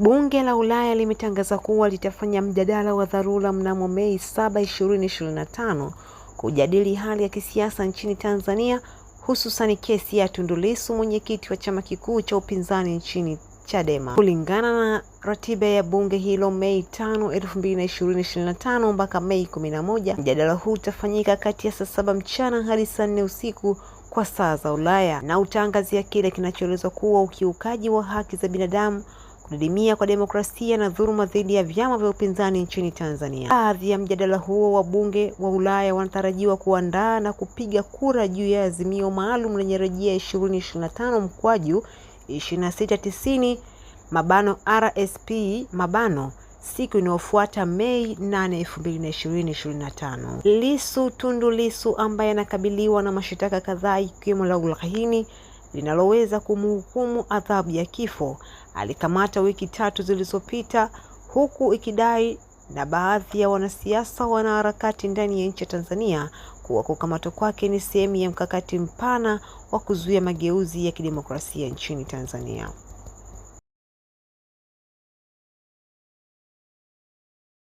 Bunge la Ulaya limetangaza kuwa litafanya mjadala wa dharura mnamo Mei 7, 2025 kujadili hali ya kisiasa nchini Tanzania hususani kesi ya Tundu Lissu, mwenyekiti wa chama kikuu cha upinzani nchini Chadema. Kulingana na ratiba ya bunge hilo, Mei 5, 2025 mpaka Mei 11, mjadala huu utafanyika kati ya saa saba mchana hadi saa nne usiku kwa saa za Ulaya na utaangazia kile kinachoelezwa kuwa ukiukaji wa haki za binadamu kudidimia kwa demokrasia na dhuluma dhidi ya vyama vya upinzani nchini Tanzania. Baadhi ya mjadala huo wa bunge wa Ulaya wanatarajiwa kuandaa na kupiga kura juu ya azimio maalum lenye rejea 2025 mkwaju 2690 mabano RSP mabano siku inayofuata Mei 8, 2025. Lisu Tundu Lisu ambaye anakabiliwa na mashitaka kadhaa ikiwemo la ulaghai linaloweza kumhukumu adhabu ya kifo alikamata wiki tatu zilizopita, huku ikidai na baadhi ya wanasiasa wanaharakati ndani ya nchi ya Tanzania kuwa kukamatwa kwake ni sehemu ya mkakati mpana wa kuzuia mageuzi ya kidemokrasia nchini Tanzania.